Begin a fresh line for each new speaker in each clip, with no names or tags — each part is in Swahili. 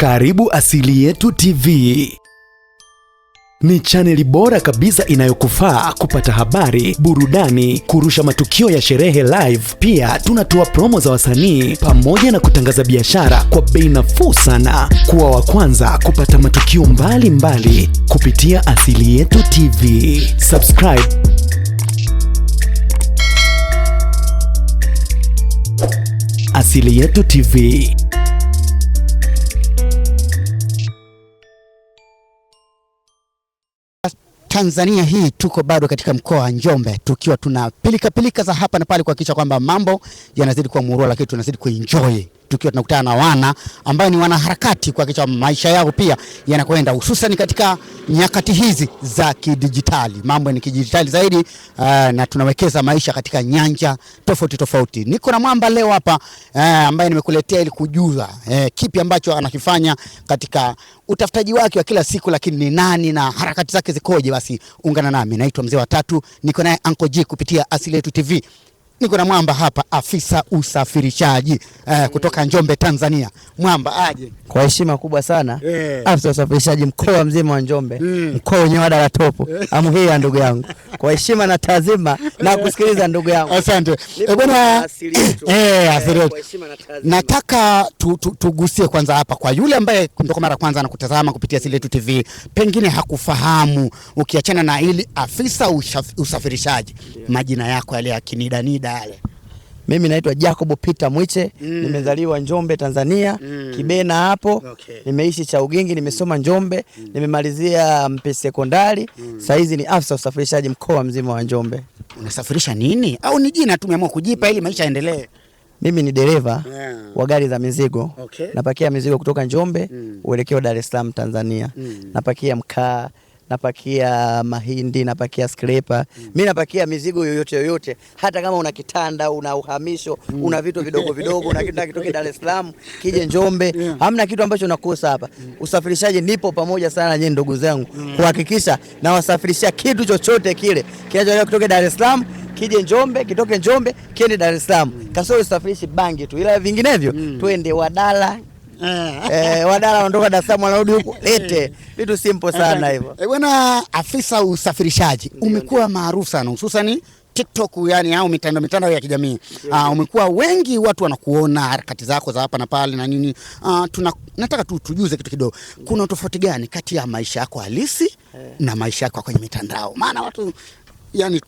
Karibu Asili Yetu TV ni chaneli bora kabisa inayokufaa kupata habari, burudani, kurusha matukio ya sherehe live. Pia tunatoa promo za wasanii pamoja na kutangaza biashara kwa bei nafuu sana. Kuwa wa kwanza kupata matukio mbalimbali mbali kupitia Asili Yetu TV. Subscribe. Asili Yetu TV.
Tanzania hii tuko bado katika mkoa wa Njombe tukiwa tuna pilika pilika za hapa na pale kuhakikisha kwamba mambo yanazidi kuwa murua, lakini tunazidi kuenjoy tukiwa tunakutana na wana ambao ni wanaharakati kuhakikisha maisha yao pia yanakwenda, hususan katika nyakati hizi za kidijitali. Mambo ni kidijitali zaidi, uh, na tunawekeza maisha katika nyanja tofauti tofauti. Niko na mwamba leo hapa uh, ambaye nimekuletea ili kujua uh, kipi ambacho anakifanya katika utafutaji wake wa kila siku, lakini ni nani na harakati zake zikoje? Basi ungana nami, naitwa Mzee wa Tatu, niko naye Anko G kupitia Asili Yetu TV. Niko na Mwamba hapa, afisa usafirishaji eh, mm. kutoka Njombe Tanzania. Mwamba aje
kwa heshima kubwa sana yeah. Afisa usafirishaji mkoa mzima wa Njombe mm. mkoa wenyewe wa Daratopo eh. amhii ya ndugu yangu kwa heshima na taazima na kusikiliza ndugu yangu
asante eh, bwana eh, eh asante. Nataka tugusie tu, tugusie kwanza hapa kwa yule ambaye ndio kwa mara kwanza anakutazama kupitia Siletu TV pengine hakufahamu, ukiachana na ili afisa usafirishaji yeah. majina yako yale akinida nida Dadale.
Mimi naitwa Jacob Peter Mwiche mm. Nimezaliwa Njombe, Tanzania mm. Kibena hapo okay. Nimeishi cha ugingi, nimesoma Njombe mm. Nimemalizia mpe sekondari mm. Sasa hizi ni afisa usafirishaji mkoa mzima wa Njombe.
Unasafirisha nini au ni jina tu umeamua kujipa ili maisha yaendelee?
Mimi ni dereva yeah. wa gari za mizigo okay. Napakia mizigo kutoka Njombe mm. uelekeo Dar es Salaam Tanzania mm. Napakia mkaa napakia mahindi, napakia skrepa mm. mi napakia mizigo yoyote yoyote, hata kama una kitanda, una uhamisho mm. una vitu vidogo vidogo na kitu kitoke Dar es Salaam kije Njombe yeah. hamna kitu ambacho nakosa hapa mm. usafirishaji, nipo pamoja sana nyie ndugu zangu mm. kuhakikisha nawasafirishia kitu chochote kile kinachotoka kutoka Dar es Salaam kije Njombe kitoke Njombe kiende Dar es Salaam mm. kasoro usafirishi bangi tu, ila vinginevyo mm. twende wadala eh, eh wadala wanatoka Dar es Salaam wanarudi huku eh. lete vitu simple eh, sana hivyo.
Eh, bwana afisa usafirishaji, umekuwa maarufu sana hususani TikTok yani au mitandao mitandao ya kijamii uh, umekuwa wengi watu wanakuona harakati zako za hapa na pale na nini uh, tuna, nataka tu tujuze kitu kidogo, kuna tofauti gani kati ya maisha yako halisi na maisha yako kwenye mitandao? Maana watu yani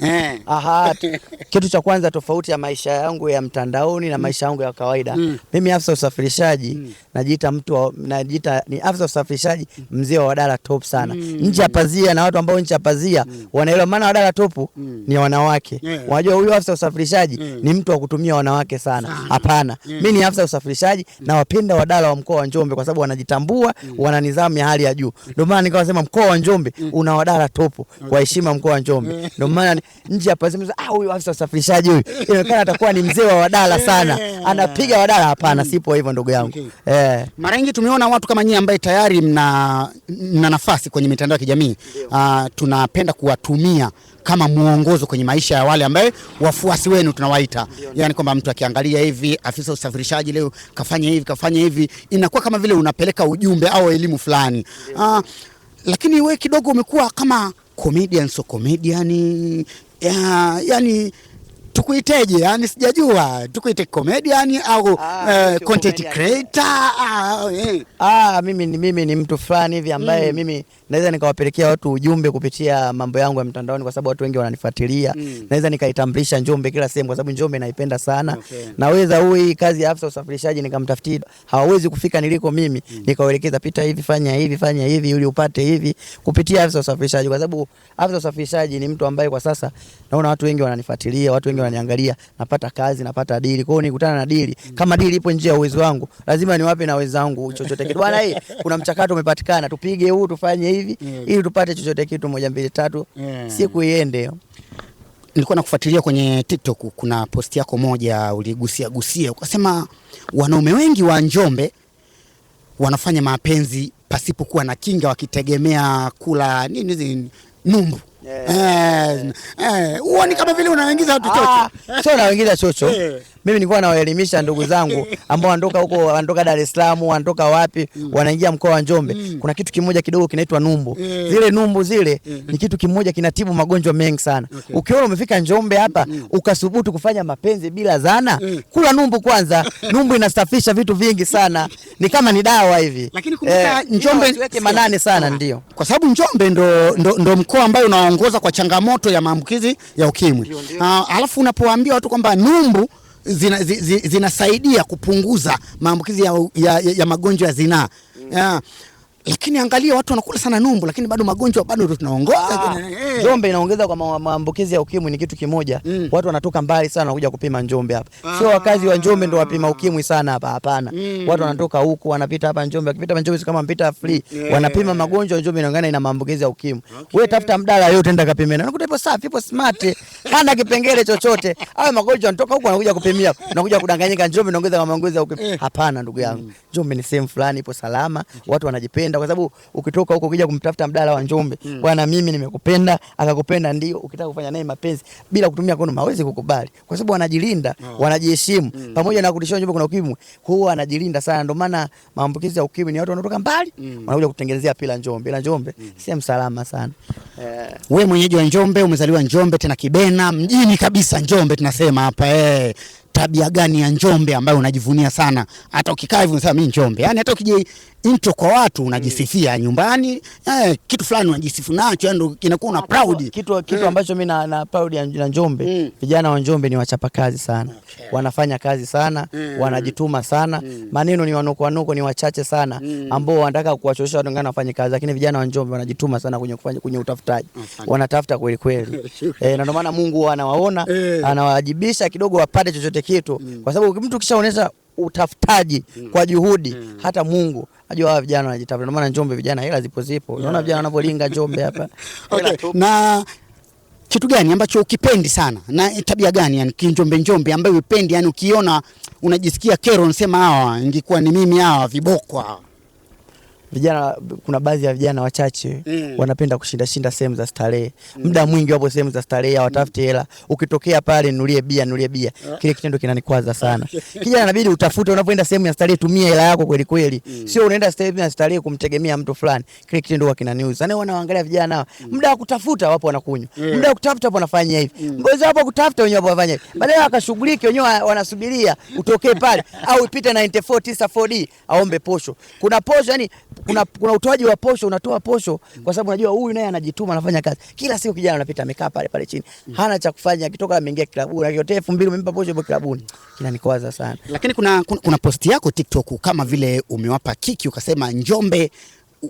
Eh. Aha, kitu cha kwanza tofauti ya maisha yangu ya mtandaoni na mm. maisha yangu ya kawaida mm. Mimi afisa usafirishaji mm. najiita mtu wa, najiita ni afisa usafirishaji mm. mzee wa Wadala Top sana mm. nje ya pazia na watu ambao nje ya pazia mm. wanaelewa maana Wadala Top mm. ni wanawake yeah. Wajua huyu afisa usafirishaji mm. ni mtu wa kutumia wanawake sana, hapana Mm. Mimi ni afisa usafirishaji mm. na wapenda Wadala wa mkoa wa Njombe kwa sababu wanajitambua mm. wana nidhamu ya hali ya juu, ndio maana nikawasema mkoa wa Njombe mm. una Wadala Top, kwa heshima mkoa wa Njombe, ndio maana nje hapa ah, huyu afisa usafirishaji huyu inaonekana atakuwa ni mzee wa wadala sana, eh. anapiga wadala. Hapana, mm. sipo hivyo ndugu yangu okay.
Eh, mara nyingi tumeona watu kama nyinyi ambaye tayari mna, mna nafasi kwenye mitandao ya kijamii uh, tunapenda kuwatumia kama mwongozo kwenye maisha ya wale ambaye wafuasi wenu tunawaita, yani kwamba mtu akiangalia hivi, afisa usafirishaji leo kafanya hivi kafanya hivi, inakuwa kama vile unapeleka ujumbe au elimu fulani uh, lakini we kidogo umekuwa kama comedian so comedian ya, yani tukuiteje? Yani sijajua tukuite comedian au ah, uh, content creator ah, eh.
Ah, mimi, mimi ni mtu fulani hivi ambaye mm. mimi naweza nikawapelekea watu ujumbe kupitia mambo yangu ya mtandaoni, kwa sababu watu wengi wananifuatilia mm. Naweza nikaitambulisha Njombe kila sehemu, kwa sababu Njombe naipenda sana okay. Naweza huyu kazi ya afisa usafirishaji nikamtafutia, hawawezi kufika niliko mimi mm. Nikawaelekeza pita hivi, fanya hivi, fanya hivi ili upate hivi kupitia afisa usafirishaji, kwa sababu afisa usafirishaji ni mtu ambaye kwa sasa naona watu wengi wananifuatilia, watu wengi wananiangalia, napata kazi, napata dili. Kwa hiyo nikutana na dili mm. Kama dili ipo nje ya uwezo wangu, lazima niwape na wenzangu chochote kidogo bwana, hii kuna mchakato umepatikana, tupige huu, tufanye hii hivi yeah. Mm. ili tupate chochote kitu moja mbili tatu yeah. Mm. siku iende.
Nilikuwa nakufuatilia kwenye TikTok, kuna posti yako moja uligusia gusia ukasema wanaume wengi wa Njombe wanafanya mapenzi pasipokuwa na kinga, wakitegemea kula nini hizi numbu eh. Eh, eh, huoni? yeah. yeah. yeah. kama vile unaingiza watu ah,
chocho, sio unaingiza chocho mimi nilikuwa nawaelimisha ndugu zangu ambao wanatoka huko, wanatoka Dar es Salaam, wanatoka wapi, mm. wanaingia mkoa wa Njombe. Mm. Kuna kitu kimoja kidogo kinaitwa numbu. Mm. Zile numbu zile ni kitu kimoja kinatibu magonjwa mengi sana. Ukiona umefika Njombe hapa ukasubutu kufanya mapenzi bila zana, kula numbu kwanza. Numbu inasafisha vitu vingi sana, ni kama ni dawa hivi.
Lakini kumbuka eh, Njombe
tuweke manane sana, ah. ndio
kwa sababu Njombe ndo, ndo, ndo mkoa ambao unaongoza kwa changamoto ya maambukizi ya ukimwi. Ah, alafu unapoambia watu kwamba numbu zinasaidia zina, zina, kupunguza maambukizi ya, ya, ya magonjwa ya zinaa. Mm. Yeah. Lakini angalia watu wanakula sana numbu, lakini bado magonjwa bado ndio tunaongoza. Ah,
eh. Njombe inaongeza kwa maambukizi ya ukimwi ni kitu kimoja. Mm. Watu wanatoka mbali sana wanakuja kupima Njombe hapa. Ah. Sio wakazi wa Njombe ndio wapima ukimwi sana hapa, hapana. Mm. Watu wanatoka huku wanapita hapa Njombe, wakipita Njombe kama mpita free, yeah. Wanapima magonjwa Njombe inaongana ina maambukizi ya ukimwi. Okay. Wewe tafuta mdala yote nenda kapime. nakuta ipo safi, ipo smart. Hana kipengele chochote. Hayo magonjwa yanatoka huku wanakuja kupimia. Unakuja kudanganyika Njombe inaongeza maambukizi ya ukimwi. Eh. Hapana ndugu yangu. Mm. Njombe ni sehemu fulani ipo salama. Watu wanajipenda anakupenda kwa sababu ukitoka huko ukija kumtafuta mdala wa Njombe mm. Bwana mimi nimekupenda, akakupenda ndio, ukitaka kufanya naye mapenzi bila kutumia kono mawezi kukubali, kwa sababu wanajilinda oh. Wanajiheshimu mm. Pamoja na kutishia Njombe kuna ukimwi, huwa anajilinda sana, ndio maana maambukizi ya ukimwi ni watu wanatoka mbali mm. wanakuja kutengenezea pila Njombe, ila Njombe mm. sehemu salama sana
yeah. Wewe mwenyeji wa Njombe, umezaliwa Njombe, tena Kibena mjini kabisa Njombe tunasema hapa eh tabia gani ya Njombe ambayo unajivunia sana? Hata ukikaa hivi unasema mimi Njombe. yani hata ukija intro kwa watu unajisifia mm. nyumbani, eh, kitu fulani unajisifu nacho, yani kinakuwa una proud.
Kitu kitu mm. ambacho mimi na, na proud ya Njombe. mm. Vijana wa Njombe ni wachapa kazi sana. Okay. Wanafanya kazi sana, mm. wanajituma sana. Mm. Maneno ni wanoko wanoko ni wachache sana mm. ambao wanataka kuwachoshea watu ngana wafanye kazi, lakini vijana wa Njombe wanajituma sana kwenye kufanya kwenye utafutaji. Wanatafuta kweli kweli. Eh, na ndio maana Mungu anawaona, eh. anawajibisha kidogo wapate chochote kitu mm. kwa sababu mtu kishaonesha utafutaji mm. kwa juhudi mm. hata Mungu ajua hawa vijana wanajitafuta. Ndio maana Njombe vijana hela zipo zipo, unaona yeah. vijana wanavyolinga Njombe hapa
okay. na kitu gani ambacho ukipendi sana na tabia gani yani kinjombe njombe ambayo upendi yani ukiona unajisikia kero, unasema hawa ingekuwa ni mimi hawa viboko hawa
vijana kuna baadhi ya vijana wachache mm. wanapenda kushinda shinda sehemu za starehe mm. muda mm. mwingi wapo sehemu za starehe, hawatafuti hela. Ukitokea pale, nulie bia, nulie bia, ah. kile kitendo kinanikwaza sana kijana, inabidi utafute. Unapoenda sehemu ya starehe, tumia hela yako kweli kweli, mm. sio unaenda sehemu ya starehe kumtegemea mtu fulani. Kile kitendo huwa kinaniuza na wana waangalia vijana hawa, mm. muda wa kutafuta wapo wanakunywa, mm. muda wa kutafuta wapo wanafanya hivi, ngozi wapo kutafuta wenyewe wapo wanafanya hivi, baadaye wakashughulike wenyewe, wanasubiria utokee pale, au ipite 9494D aombe posho. Kuna posho yani kuna, kuna utoaji wa posho, unatoa posho kwa sababu unajua huyu naye anajituma, anafanya kazi kila siku. Kijana anapita amekaa pale pale chini, hana cha kufanya, akitoka ameingia klabuni, akiotea elfu mbili umempa posho hapo klabuni, kinanikwaza sana.
Lakini kuna, kuna, kuna posti yako TikTok kama vile umewapa kiki, ukasema Njombe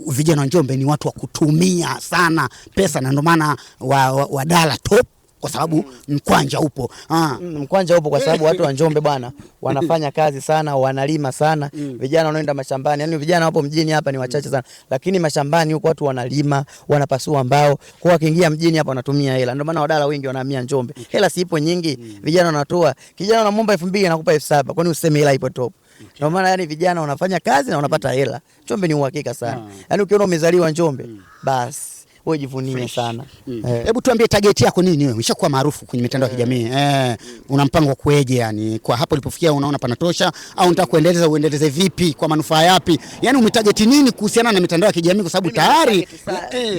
vijana wa Njombe ni watu wa kutumia sana pesa na ndio maana wadala wa, wa top kwa sababu mkwanja upo.
Ah, mm, mkwanja upo kwa sababu watu wa Njombe bwana wanafanya kazi sana, wanalima sana. mm. Vijana wanaenda mashambani, yani vijana wapo mjini hapa ni wachache sana, lakini mashambani huko watu wanalima, wanapasua mbao, kwa wakiingia mjini hapa wanatumia hela. Ndio maana wadala wengi wanahamia Njombe, mm. hela siipo nyingi. Mm. Vijana wanatoa, kijana unamwomba 2000 anakupa 7000 kwani useme hela ipo top? Okay. Ndio maana yani vijana wanafanya kazi na wanapata hela. Njombe ni uhakika sana, ah. yani ukiona umezaliwa Njombe basi wewe jivunie sana.
Mm. Eh, hebu tuambie target yako nini wewe? Umeshakuwa maarufu kwenye mitandao ya eh. kijamii. Eh, mm. una mpango wa kueje yani? Kwa hapo ulipofikia unaona panatosha au unataka mm. kuendeleza uendeleze vipi kwa manufaa yapi? Yaani umetarget nini kuhusiana na mitandao ya kijamii kwa sababu tayari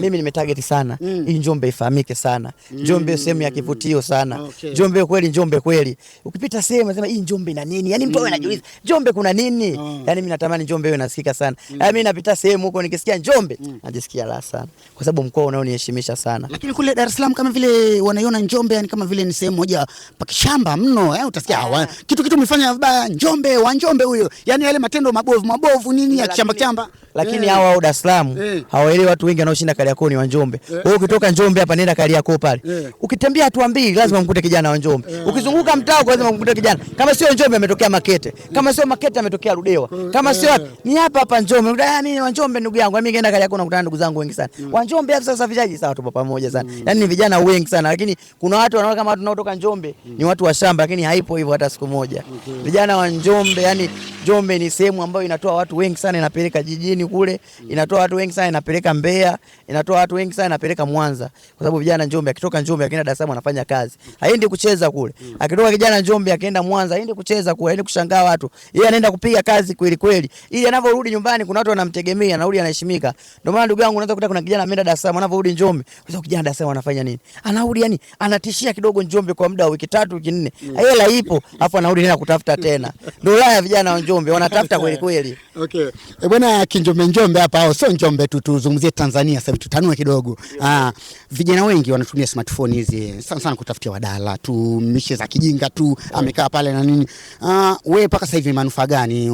mimi nimetarget sana. Hii Njombe ifahamike sana. Njombe sehemu ya kivutio sana. Njombe kweli, Njombe kweli. Ukipita sehemu unasema hii Njombe ina nini? Yaani mtu anajiuliza, Njombe kuna nini? Yaani mimi natamani Njombe iwe nasikika sana. Yaani mimi napita sehemu huko nikisikia Njombe najisikia raha sana. Kwa sababu mkoa unaoniheshimisha sana.
Lakini kule Dar es Salaam kama vile wanaiona Njombe yani kama vile ni sehemu moja pakishamba mno eh, utasikia yeah. Wa, kitu kitu umefanya vibaya Njombe wa Njombe huyo, yani yale matendo mabovu mabovu nini ya kishamba kishamba.
Lakini eh. hawa yeah. wa Dar es Salaam yeah. hawaelewi watu wengi wanaoshinda Kariakoo ni wa Njombe. Eh. Wewe yeah. ukitoka Njombe hapa nenda Kariakoo pale. Yeah. Ukitembea hatua mbili lazima eh. mkute kijana wa Njombe. Yeah. Ukizunguka mtaa lazima mkute kijana. Kama sio Njombe ametokea Makete. Kama sio Makete ametokea Ludewa. Kama sio ni hapa hapa Njombe. Ah, mimi wa Njombe ndugu yangu. Mimi ngeenda Kariakoo nakutana ndugu zangu wengi sana. Mm. Wa Njombe Yaani vijaji sasa, sawa, tupo pamoja sana mm. Yani ni vijana wengi sana, lakini kuna watu wanaona kama watu wanaotoka Njombe mm. ni watu wa shamba, lakini haipo hivyo hata siku moja okay. Mm-hmm. Vijana wa Njombe, yani Njombe ni sehemu ambayo inatoa watu wengi sana, inapeleka jijini kule, mm. inatoa watu wengi sana, inapeleka Mbeya, inatoa watu wengi sana, inapeleka Mwanza kwa sababu vijana Njombe, akitoka Njombe akienda Dar es Salaam anafanya kazi, haendi kucheza kule. Mm. Akitoka kijana Njombe akienda Mwanza haendi kucheza kule, haendi kushangaa watu, yeye anaenda kupiga kazi kweli kweli, ili anavyorudi nyumbani kuna watu wanamtegemea, nauli anaheshimika. Ndio maana ndugu yangu, unaweza kukuta kuna kijana ameenda Dar es Salaam, anavyorudi Njombe, unaweza kijana Dar es Salaam anafanya nini? Anarudi yani anatishia kidogo Njombe kwa muda wa wiki tatu wiki nne, mm. hela ipo, afu anarudi tena kutafuta tena. Ndio haya vijana wa Njombe wanatafuta kweli kweli.
Okay, eh, bwana Kinjombe Njombe hapa, au sio Njombe tu, tuzungumzie Tanzania sasa tutanue kidogo. Ah, vijana wengi wanatumia smartphone hizi sana sana kutafutia wadala tu, mishe za kijinga tu, yeah. amekaa pale na nini. Ah, wewe mpaka sasa hivi manufaa gani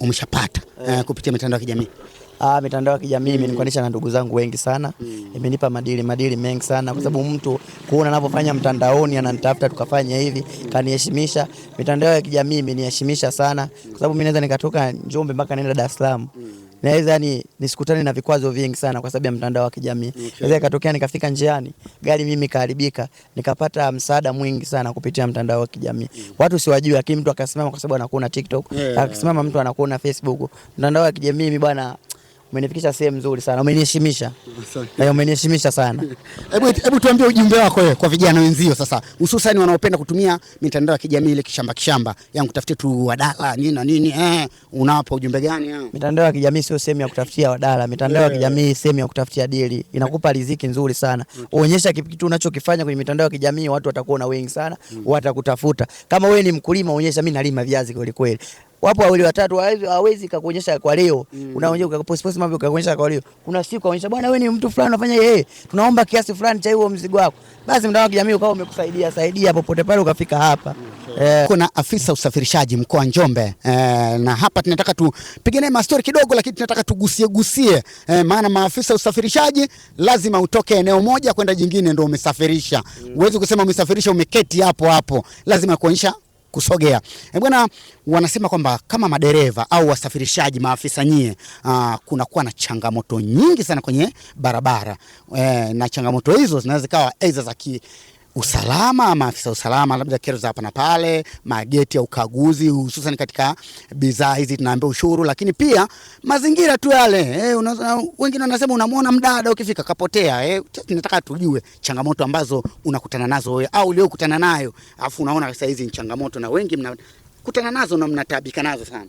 umeshapata eh, kupitia mitandao ya kijamii?
Ah, mitandao ya kijamii mm. imenikuanisha na ndugu zangu wengi sana, mm. imenipa madili madili mengi sana kwa sababu mm. mtu kuona anavyofanya mtandaoni, ananitafuta tukafanya hivi, mm. kaniheshimisha. Mitandao ya kijamii imeniheshimisha sana kwa sababu mimi naweza nikatoka Njombe mpaka nenda Dar es Salaam mm naweza yani nisikutane na vikwazo vingi sana kwa sababu ya mtandao wa kijamii. Naweza ikatokea nikafika njiani gari mimi kaharibika, nikapata msaada mwingi sana kupitia mtandao wa kijamii. Mm. Watu siwajui, lakini mtu akasimama kwa sababu anakuona TikTok, akisimama mtu anakuona Facebook. Mtandao wa kijamii bwana umenifikisha sehemu nzuri sana, umeniheshimisha na eh, umeniheshimisha sana.
Hebu hebu tuambie ujumbe wako wewe kwa vijana wenzio sasa, hususan wanaopenda kutumia mitandao ya kijamii ile kishamba kishamba, yani kutafutia tu wadala nini na nini eh, unawapa ujumbe gani hao? Eh?
Mitandao ya kijamii sio sehemu ya kutafutia wadala, mitandao ya eh. kijamii sehemu ya kutafutia dili, inakupa riziki nzuri sana. Mm-hmm. Uonyesha kitu unachokifanya kwenye mitandao ya kijamii, watu watakuona wengi sana, mm-hmm. watakutafuta. Kama wewe ni mkulima, uonyesha mimi nalima viazi kweli kweli wapo wawili watatu hawezi hawezi kukuonyesha kwa leo, mm. unaonyesha ukapost post mambo ukakuonyesha kwa leo. Kuna siku ukaonyesha bwana, wewe ni mtu fulani unafanya yeye, tunaomba kiasi fulani cha huo mzigo wako, basi mtandao wa kijamii ukao umekusaidia saidia popote pale ukafika hapa.
Mm, eh, kuna afisa usafirishaji mkoa Njombe eh, na hapa tunataka tupige naye mastori kidogo, lakini tunataka tugusie gusie eh, maana maafisa usafirishaji lazima utoke eneo moja kwenda jingine ndio umesafirisha. mm. Huwezi kusema umesafirisha umeketi hapo hapo, lazima kuonyesha kusogea. E bwana, wanasema kwamba kama madereva au wasafirishaji, maafisa nyie, ah, kunakuwa na changamoto nyingi sana kwenye barabara e, na changamoto hizo zinaweza kawa aidha za usalama, maafisa usalama, labda kero za hapa na pale, mageti ya ukaguzi, hususan katika bidhaa hizi tunaambia ushuru, lakini pia mazingira tu yale eh, wengine wanasema unamwona mdada ukifika kapotea eh. Tunataka tujue changamoto ambazo unakutana nazo wewe au uliokutana nayo, afu unaona sasa hizi ni changamoto na wengi mnakutana nazo na mnatabika nazo sana.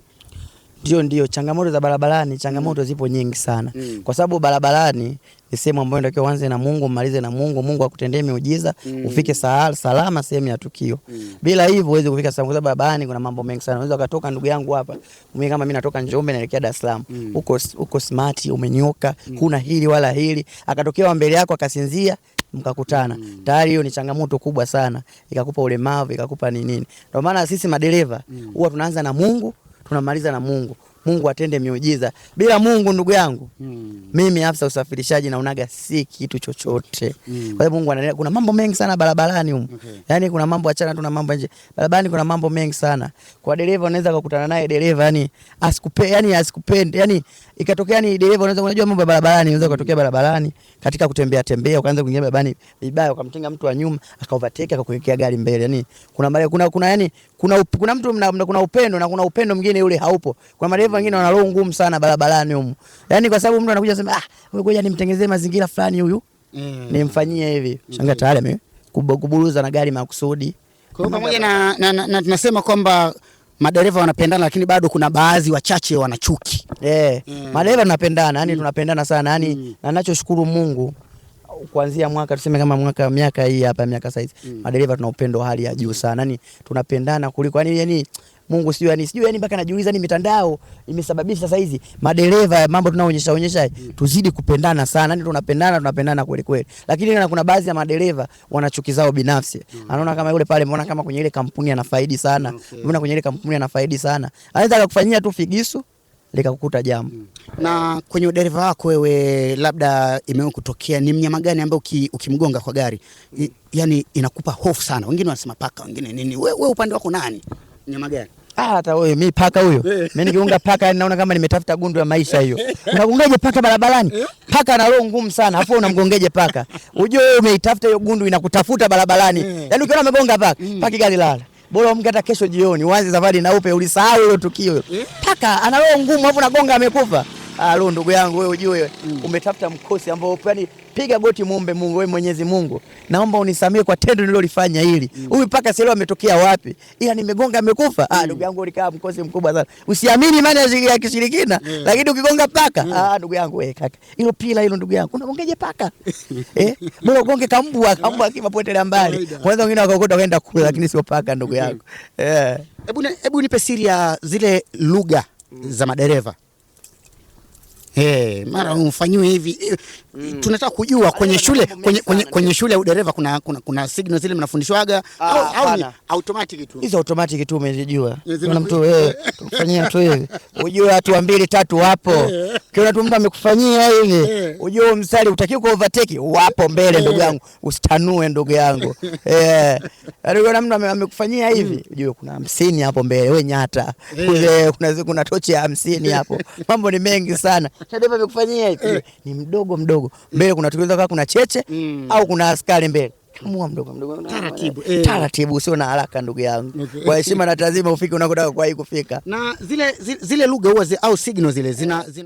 Ndio, ndio, changamoto za barabarani, changamoto mm. zipo nyingi sana mm. kwa sababu barabarani ni sehemu ambayo natakiwa uanze na Mungu, umalize na Mungu. Mungu akutendee miujiza mm. ufike sahal, salama sehemu ya tukio mm. bila hivyo huwezi kufika sehemu, kwa sababu barabarani kuna mambo mengi sana. Unaweza ukatoka, ndugu yangu, hapa mimi kama mimi natoka Njombe naelekea Dar es Salaam huko mm. huko smart, umenyoka mm. kuna hili wala hili, akatokea mbele yako akasinzia mkakutana mm. tayari hiyo ni changamoto kubwa sana, ikakupa ulemavu ikakupa ni nini. Ndio maana sisi madereva mm. huwa mm. tunaanza na Mungu tunamaliza na Mungu. Mungu atende miujiza. Bila Mungu ndugu yangu, mm. mimi afisa usafirishaji naonaga si kitu chochote. Mm. Kwa sababu Mungu anaendelea, kuna mambo mengi sana barabarani humu Okay. Yaani kuna mambo achana tu na mambo nje. Barabarani kuna mambo mengi sana. Kwa dereva unaweza kukutana naye dereva yani asikupe yani asikupende. Yani ikatokea yani dereva unaweza unajua mambo ya barabarani unaweza kutokea hmm. barabarani katika kutembea tembea ukaanza kuingia barabarani vibaya ukamtenga mtu wa nyuma aka overtake akakuwekea gari mbele. Yani kuna kuna kuna yani kuna, kuna mtu mna, mna, kuna upendo na kuna upendo mwingine yule haupo. Kuna madereva wengine wana roho ngumu sana barabarani humu, yani kwa sababu mtu anakuja sema ah, wewe ngoja nimtengenezee mazingira fulani huyu mm. nimfanyie hivi mm. shanga tayari kuburuza na gari makusudi.
Kwa hiyo pamoja na, na, na, na tunasema kwamba madereva wanapendana lakini bado kuna baadhi wachache wanachuki.
Eh, yeah. mm. madereva tunapendana, yani mm. tunapendana sana yani mm. na ninachoshukuru Mungu kuanzia mwaka tuseme kama mwaka miaka hii hapa miaka saizi mm. madereva tuna upendo hali ya juu sana, yani tunapendana kuliko yani, yani Mungu sio yani sio yani mpaka najiuliza ni yaani, mitandao imesababisha sasa hizi madereva mambo tunaoonyesha onyesha mm. tuzidi kupendana sana, yani tunapendana tunapendana kweli kweli, lakini na kuna baadhi ya madereva wana chuki zao binafsi mm. anaona kama yule pale, mbona kama kwenye ile kampuni anafaidi sana, mbona mm, okay. kwenye ile kampuni anafaidi sana, anaweza akakufanyia tu figisu likakukuta jambo. Mm.
Na kwenye udereva wako wewe, labda imewahi kutokea, ni mnyama gani ambaye uki, ukimgonga kwa gari I, yani inakupa hofu sana? Wengine wanasema paka, wengine nini. Wewe upande wako nani, mnyama gani?
Ah, Hata wewe mimi paka huyo. Mimi eh. nikiunga paka yani naona kama nimetafuta gundu ya maisha hiyo. Unagongeje paka barabarani? Paka ana roho ngumu sana. Afu unamgongeje paka? Ujue wewe umeitafuta hiyo gundu inakutafuta barabarani. Yaani ukiona amegonga paka, mm. paki gari lala bora mke hata kesho jioni uanze safari na upe, ulisahau hilo tukio eh? paka ana roho ngumu, hapo nagonga amekufa. Ah, ndugu yangu wewe ujue mm. umetafuta mkosi ambao yani piga goti muombe Mungu, wewe Mwenyezi Mungu, naomba unisamee kwa tendo nililolifanya hili. Mm. Huyu mpaka sasa ametokea wapi? Ila nimegonga amekufa. Ah, mm. ndugu yangu ulikaa mkosi mkubwa sana. Usiamini imani ya kishirikina, mm. lakini ukigonga paka, ah ndugu yangu wewe kaka. Hilo pila hilo ndugu yangu. Unagongeje paka? Eh? Mbona ugonge kambwa, kambwa kimapotelea mbali. Kwanza wengine wakaokota wakaenda kula, lakini sio paka ndugu yangu.
Eh. Hebu hebu nipe siri ya zile lugha za madereva. Hey, eh, mara umfanyiwe hivi eh, mm. Tunataka kujua kwenye shule kwenye, kwenye, kwenye shule ya udereva kuna, kuna, kuna signal zile mnafundishwaga ah, au, au ni automatic tu?
Hizo automatic tu umejijua. Kuna mtu eh, tumfanyia tu hivi. Ujue watu wa mbili tatu wapo. Eh. Kiona tu mtu amekufanyia hivi. Ujue msali utakiwa ku overtake wapo mbele ndugu yangu. Usitanue ndugu yangu. Eh. Yaani mtu amekufanyia hivi. Mm. Ujue kuna hamsini hapo mbele wewe nyata. Kuna kuna tochi ya hamsini hapo. Mambo ni mengi sana. Chadema vimekufanyia hivi eh. Ni mdogo mdogo mbele, kuna tukiweza kama kuna cheche mm. au kuna askari mbele Kamua mdogo mdogo,
taratibu
eh, taratibu, usio na haraka ndugu yangu okay. Kwa heshima na tazima ufike unakotaka kwa hii kufika,
na zile zile, zile lugha huwa au signal zile zina, eh. zina.